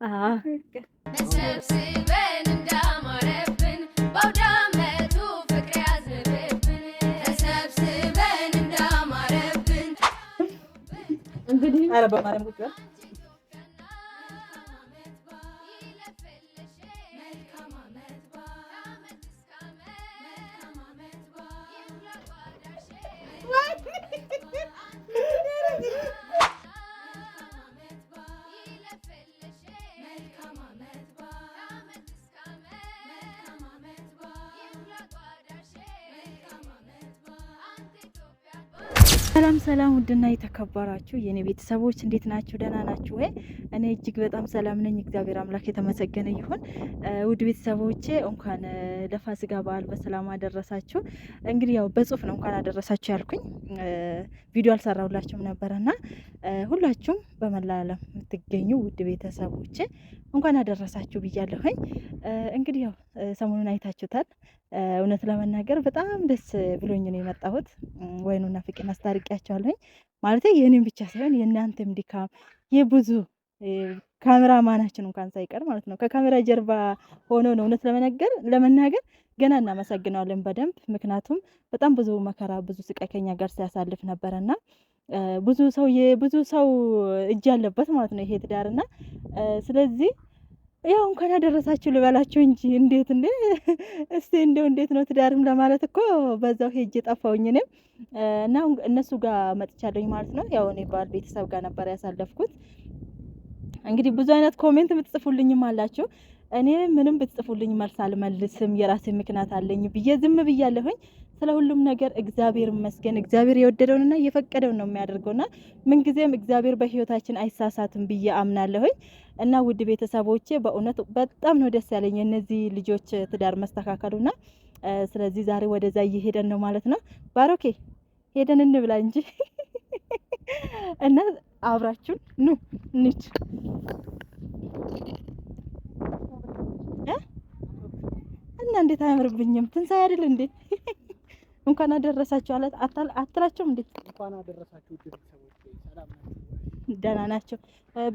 ሰብስበን እንዳማረብን በአውዳመቱ ፍቅር ያዝንብብን ተሰብስበን እንዳማረብን ሰላም ሰላም፣ ውድና የተከበራችሁ የእኔ ቤተሰቦች እንዴት ናችሁ? ደህና ናችሁ ወይ? እኔ እጅግ በጣም ሰላም ነኝ። እግዚአብሔር አምላክ የተመሰገነ ይሁን። ውድ ቤተሰቦቼ እንኳን ለፋሲካ በዓል በሰላም አደረሳችሁ። እንግዲህ ያው በጽሁፍ ነው እንኳን አደረሳችሁ ያልኩኝ፣ ቪዲዮ አልሰራሁላችሁም ነበረና ሁላችሁም በመላለም የምትገኙ ውድ ቤተሰቦቼ እንኳን አደረሳችሁ ብያለሁኝ። እንግዲህ ያው ሰሞኑን አይታችሁታል። እውነት ለመናገር በጣም ደስ ብሎኝ ነው የመጣሁት። ወይኑና ፍቄን አስታርቂያቸዋለሁኝ ማለት የእኔም ብቻ ሳይሆን የእናንተም ድካም የብዙ ካሜራ ማናችን እንኳን ሳይቀር ማለት ነው ከካሜራ ጀርባ ሆኖ ነው እውነት ለመናገር ለመናገር ገና እናመሰግነዋለን በደንብ ምክንያቱም በጣም ብዙ መከራ ብዙ ስቃይ ከኛ ጋር ሲያሳልፍ ነበረና ብዙ ሰው የብዙ ሰው እጅ ያለበት ማለት ነው ይሄ ትዳር እና ስለዚህ ያው እንኳን ያደረሳችሁ ልበላችሁ እንጂ እንዴት እንደ እስቲ እንደው እንዴት ነው ትዳርም ለማለት እኮ በዛው ሄጄ ጠፋውኝ እኔም እና እነሱ ጋር መጥቻለኝ ማለት ነው። ያው እኔ ባል ቤተሰብ ጋር ነበር ያሳለፍኩት። እንግዲህ ብዙ አይነት ኮሜንት የምትጽፉልኝም አላችሁ። እኔ ምንም ብትጽፉልኝ መልስ አልመልስም፣ የራሴ ምክንያት አለኝ ብዬ ዝም ብያለሁኝ። ስለ ሁሉም ነገር እግዚአብሔር ይመስገን። እግዚአብሔር የወደደውንና የፈቀደውን ነው የሚያደርገውና ምንጊዜም እግዚአብሔር በህይወታችን አይሳሳትም ብዬ አምናለሁኝ እና ውድ ቤተሰቦቼ በእውነት በጣም ነው ደስ ያለኝ የእነዚህ ልጆች ትዳር መስተካከሉና ስለዚህ ዛሬ ወደዛ እየሄደን ነው ማለት ነው። ባሮኬ ሄደን እንብላ እንጂ እና አብራችሁን ኑ ንች እና እንዴት አያምርብኝም? ትንሳኤ አይደል እንዴ? እንኳን አደረሳችሁ አላት። አታል አትላቸውም እንዴ? እንኳን አደረሳችሁ ደህና ናቸው።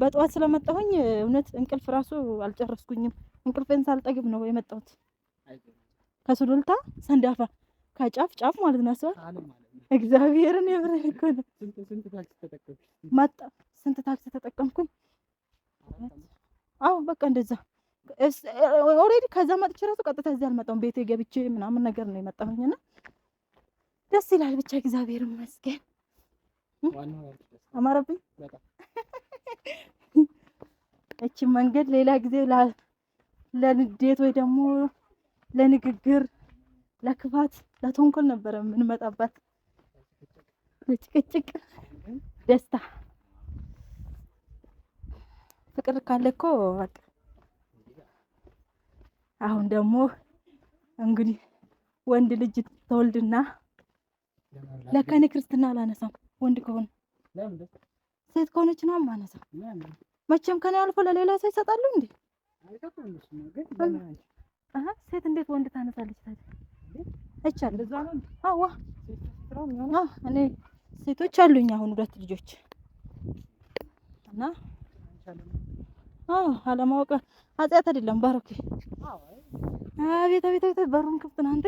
በጠዋት ስለመጣሁኝ እውነት እንቅልፍ ራሱ አልጨረስኩኝም። እንቅልፍን ሳልጠግብ ነው የመጣሁት። ከሱሉልታ ሰንዳፋ ከጫፍ ጫፍ ማለት ነው። አስባ እግዚአብሔርን የብር እኮ ነው። ማጣ ስንት ታክሲ ተጠቀምኩኝ? አዎ በቃ እንደዛ ኦልሬዲ። ከዛ መጥቼ ራሱ ቀጥታ እዚህ አልመጣሁም። ቤቴ ገብቼ ምናምን ነገር ነው የመጣሁኝና ደስ ይላል። ብቻ እግዚአብሔር ይመስገን። አማረብኝ። እቺ መንገድ ሌላ ጊዜ ለንዴት ወይ ደግሞ ለንግግር፣ ለክፋት፣ ለተንኮል ነበረ የምንመጣባት ለጭቅጭቅ ደስታ ፍቅር ካለ እኮ በቃ አሁን ደግሞ እንግዲህ ወንድ ልጅ ተወልድና ለካ እኔ ክርስትና አላነሳም። ወንድ ከሆነ ሴት ከሆነች ነው ማነሳ። መቼም ከኔ አልፎ ለሌላ ሰው ይሰጣሉ እንዴ? ሴት እንዴት ወንድ ታነሳለች እኔ ሴቶች አሉኝ አሁን ሁለት ልጆች እና አዎ አለማወቅ ኃጢአት አይደለም። ባሮኬ አቤት አቤት አቤት፣ በሩን ክፍት ነው አንተ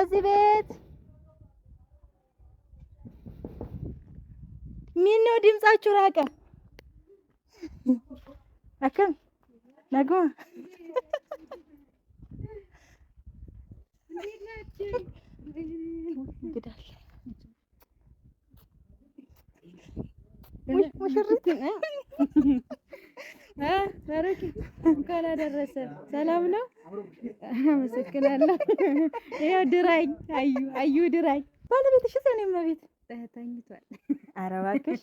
እዚህ ቤት ምን ነው ድምጻችሁ ራቀ? አከም ነጎ ሙሽሪት ሩኪ እንኳን አደረሰ። ሰላም ነው። አመሰግናለሁ። ይኸው ድራኝ አዩ አዩ ድራኝ ባለቤትሽ እዛ ነው የማቤት ተኝቷል። ኧረ እባክሽ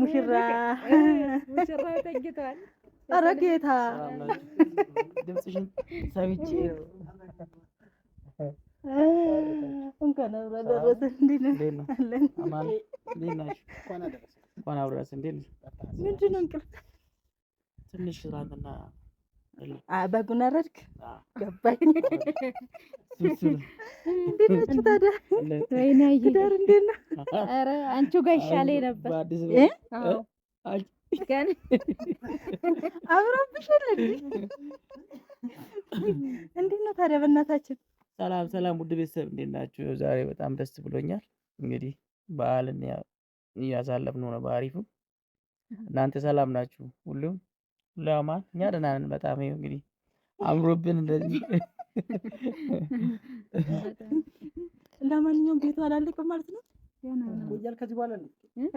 ሙሽራ ሙሽራው ተኝቷል። ኧረ ጌታ ድምፅሽን ሰምቼ እንኳን አብሮ አደረሰን። እንዴት ነው አለን? እንዴት ናችሁ? እንኳን አብሮ እንዴት ነው ምንድን ነው እንቅልፍ ትንሽ ትናንትና በጉን አረድክ ገባኝ። እንዴት ነች ታዲያ? ወይኔ ትዳር እንዴት ነው? ኧረ አንቺው ጋር ይሻለኝ ነበር። አብረብሻል። እንዴት ነው ታዲያ? በእናታችን ሰላም ሰላም፣ ውድ ቤተሰብ እንዴት ናችሁ? ዛሬ በጣም ደስ ብሎኛል። እንግዲህ በዓልን እያሳለፍን ሆነ በአሪፉ። እናንተ ሰላም ናችሁ ሁሉም ለማ እኛ ደህና ነን። በጣም ይኸው እንግዲህ አምሮብን እንደዚህ። ለማንኛውም ቤቱ አላለቅም ማለት ነው ከዚህ በኋላ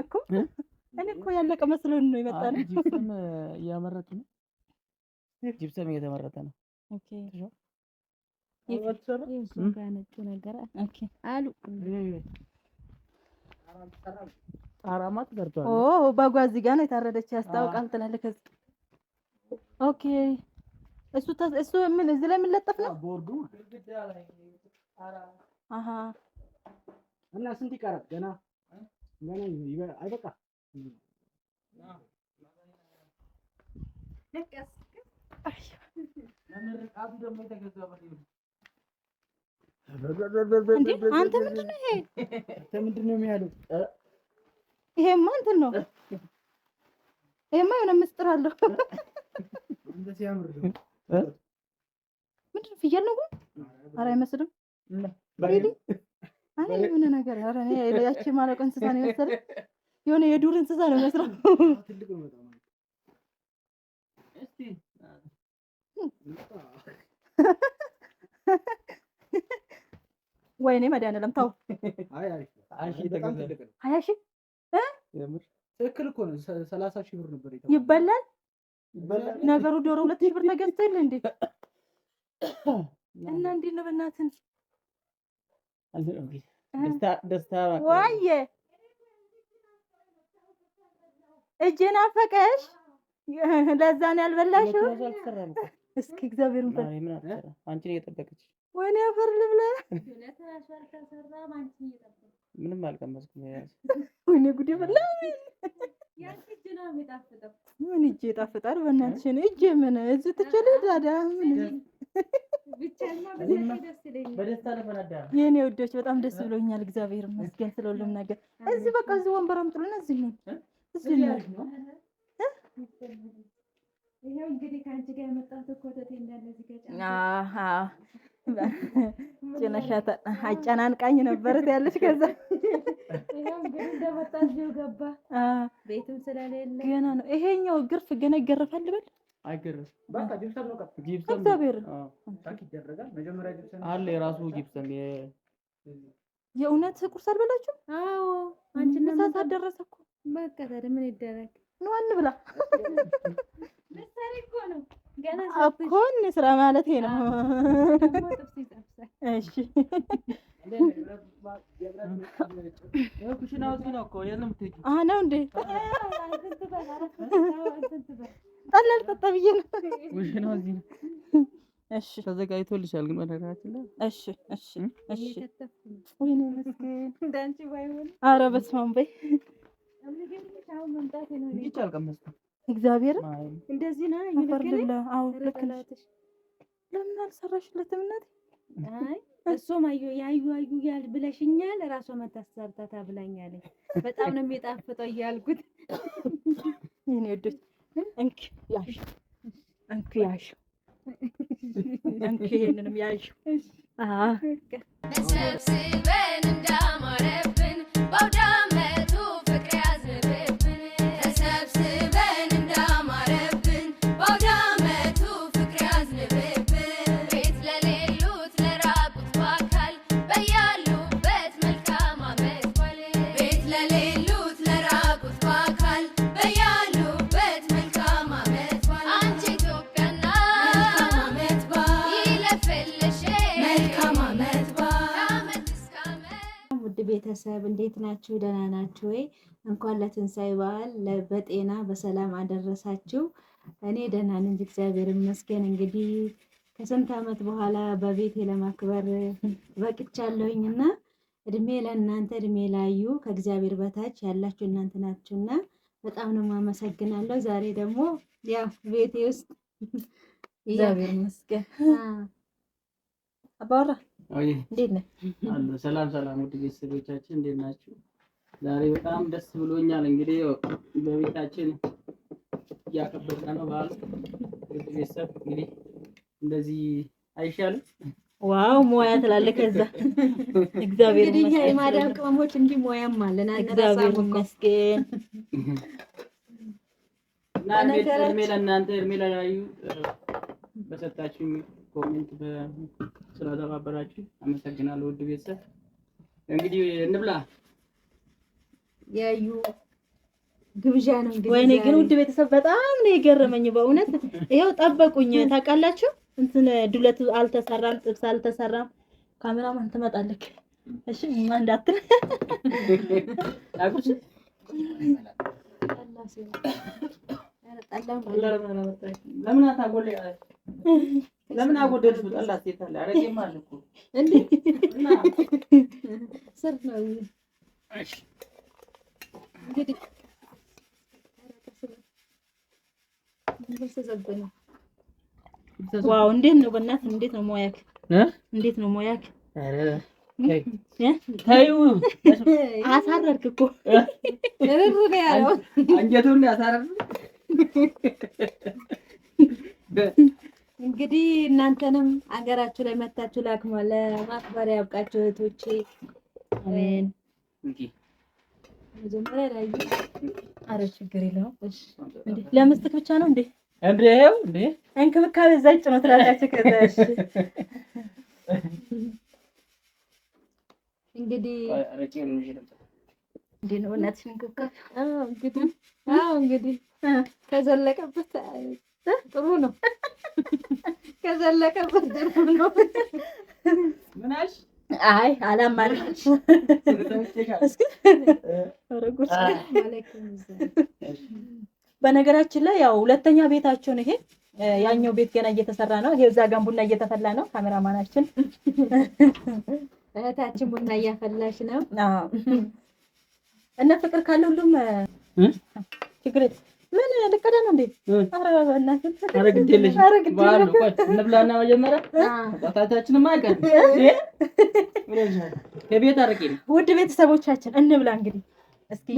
እኮ እኔ እኮ ያለቀ መስሎን ነው የመጣ ነው። ጂፕሰም እያመረቱ ነው። ጂፕሰም እየተመረተ ነው። ኦኬ ጣራማ ተሰርቷል። ኦ በጓዝ ጋ ነው የታረደች ያስታውቃል ትላለህ ከዚህ ኦኬ እሱ እሱ ምን እዚህ ላይ የሚለጠፍ ነው ቦርዱ? አሃ እና ስንት ይቀራል? ገና ገና አይበቃ። አንተ ምንድን ነው ይሄ? ምንድን ነው የሚያለው? ይሄማ እንትን ነው። ይሄማ የሆነ ምስጥር አለው። ምንድን ነው ፍየል ነው? ኧረ አይመስልም። የሆነ ነገር ያቺ ማለቆ እንስሳ ነው የመሰለ የሆነ የዱር እንስሳ ነው ይመስለው። ወይኔ መድኃኒዓለም ተው። ሀያ ሺህ ትክክል እኮ ነው። ሰላሳ ሺህ ብር ነበር ይበላል ነገሩ ዶሮ ሁለት ሺህ ብር ተገዝተል እንዴ? እና እንዴት ነው በእናትህ? ዋየ እጄን አፈቀሽ ለዛ ነው ያልበላሽው። እስኪ እግዚአብሔር አንቺን እየጠበቀች ወይኔ አፈር ልብላ። ምንም አልቀመስኩም። ወይኔ ጉዴ በላ ምን እጅ ይጣፍጣል? በእናትሽ እጅ ምን እዚ ትችል ዳዳ ምን የኔ ውዶች በጣም ደስ ብሎኛል። እግዚአብሔር ይመስገን ስለሁሉም ነገር። እዚህ በቃ እዚህ ወንበር አምጥሉና እዚህ ነው እዚህ ነው ይሄው እንግዲህ ከአንቺ ጋር የመጣሁት እኮ እንዳለ እዚህ ጋር አጨናንቃኝ ነበረት ያለች። ከዛ ይሄው ገባ። ቤትም ስለሌለ ገና ነው። ይሄኛው ግርፍ ገና ይገረፋል ልበል ነው። አለ የራሱ የእውነት ቁርስ አልበላችሁም? አዎ አንቺ እና ሰዓት አደረሰ በቃ ታዲያ ምን ይደረግ ነው አንብላ እኮ እንስራ ማለት ነው። እሺ አዎ ነው እንዴ? ጠላ ልጠጣ ብዬ ነው። እሺ ተዘጋጅቶልሻል። ግን በነገራችን ላይ እሺ እሺ እሺ ወይኔ መስኪን ኧረ በስመ አብ በይ እግዚአብሔር እንደዚህ ነው። ለምን አልሰራሽለትም? እናት አይ እሱም አዩ ያዩ አዩ ያል ብለሽኛል። ራሷ መታሰርታ ታብላኛለች። በጣም ነው የሚጣፍጠው እያልኩት ይሄን ወደች እንኪ ያሽ እንኪ ያሽ እንኪ ይሄንንም ያሽ አአ ቤተሰብ እንዴት ናችሁ? ደህና ናችሁ ወይ? እንኳን ለትንሳኤ በዓል በጤና በሰላም አደረሳችሁ። እኔ ደህና ነኝ እግዚአብሔር ይመስገን። እንግዲህ ከስንት ዓመት በኋላ በቤቴ ለማክበር በቅቻለሁኝ እና እድሜ ለእናንተ እድሜ ላዩ ከእግዚአብሔር በታች ያላችሁ እናንተ ናችሁና በጣም ነው የማመሰግናለሁ። ዛሬ ደግሞ ያው ቤቴ ውስጥ እግዚአብሔር ይመስገን አባወራ እንዴት ሰላም ሰላም፣ ውድ ቤተሰቦቻችን እንዴት ናችሁ? ዛሬ በጣም ደስ ብሎኛል። እንግዲህ በቤታችን እያከበርን ነው በዓል። ውድ ቤተሰብ እንግዲህ እንደዚህ አይሻልም? ዋው ሞያ ትላለህ። ከዛ እግዚአብሔር ይመስገን የማዳም ቅመሞች እንጂ ሞያም አለን። እግዚአብሔር ይመስገን። እና እድሜ ለእናንተ እድሜ ለራዩ በሰጣችሁ ኮሜንት ስላተባበራችሁ አመሰግናለሁ። ውድ ቤተሰብ እንግዲህ እንብላ ያዩ ግብዣ ነው እንግዲህ። ወይኔ ግን ውድ ቤተሰብ በጣም ነው የገረመኝ በእውነት ይኸው ጠበቁኝ። ታውቃላችሁ እንትን ዱለት አልተሰራም፣ ጥብስ አልተሰራም። ካሜራማን ትመጣለች። እሺ ማን እንዳትል አቁሽ ለምን አጎደልሽ? ጠላት ሴት አለ አረቄም አለ እኮ እንዴ! ሰርፋዊ እንግዲህ ዋው! እንዴት ነው በእናት እንዴት ነው ሞያክ? እንዴት ነው ሞያክ? ተይው አሳረርክ እኮ አንጀቱን ያሳረርክ እንግዲህ እናንተንም አገራችሁ ላይ መታችሁ ላክማ ለማክበር ያብቃችሁ እህቶቼ። መጀመሪያ ላይ አረ ችግር የለውም። ለምስትክ ብቻ ነው እንዴ? እንዴው እንዴ እንክብካቤ ዘጭ ነው ትላላችሁ። ከዛሽ እንግዲህ እንዴ ነው እናትሽን እንክብካቤ። አዎ እንግዲህ አዎ እንግዲህ ከዘለቀበት ጥሩ ነው። ከዘለቀበት ጥሩ ነው። አይ አላማለች። በነገራችን ላይ ያው ሁለተኛ ቤታቸውን ይሄ ያኛው ቤት ገና እየተሰራ ነው። ይሄ እዛ ጋር ቡና እየተፈላ ነው። ካሜራማናችን እህታችን ቡና እያፈላች ነው እና ፍቅር ካለ ሁሉም ችግር ምን ልቀዳ ነው እንዴ? ኧረ ግድ የለሽም እንብላና መጀመሪያ ጣታችንም አይቀርም። ከቤት አርቄ ነው። ውድ ቤተሰቦቻችን እንብላ እንግዲህ እስኪ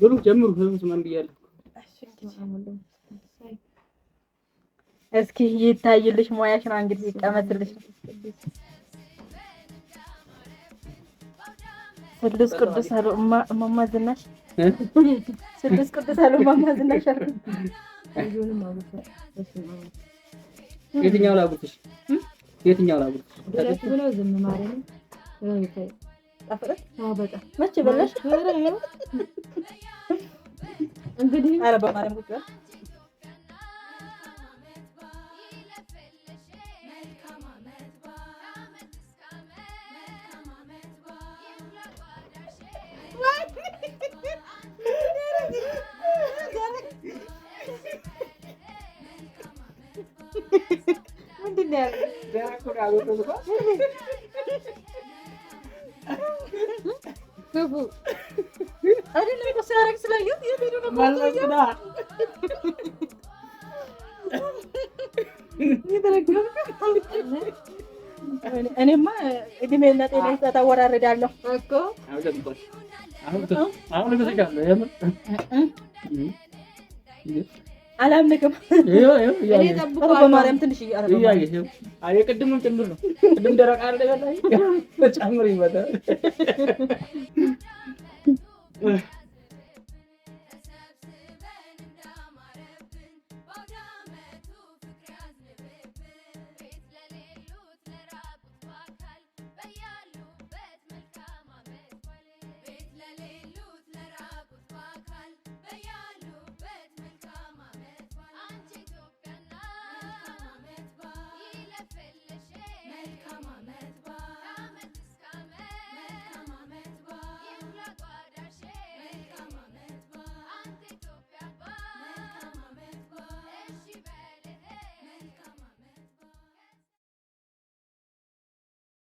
ብሉ ጀምሩ። ስማን ብያለሁ። እስኪ ይታይልሽ፣ ሙያሽን እንግዲህ ይቀመስልሽ። ስድስት ቅዱስ አሉ እማማ ዝናሽ ቅዱስ ቅዱስ አሉ እማማ ዝናሽ አሉ። የትኛው ላጉርሽ? የትኛው ላጉርሽ? መቼ በላሽ? ኧረ በማርያም ቁጭ በል ምንድን ነው ያለው? እኔማ እድሜና ጤና ይስጣት። አወራርዳለሁ እኮ አሁን እገዛለሁ የምር አላምንክም። በማርያም ትንሽ ቅድምም ጭምር ነው። ቅድም ደረቅ አይደል? ጨምር ይመጣል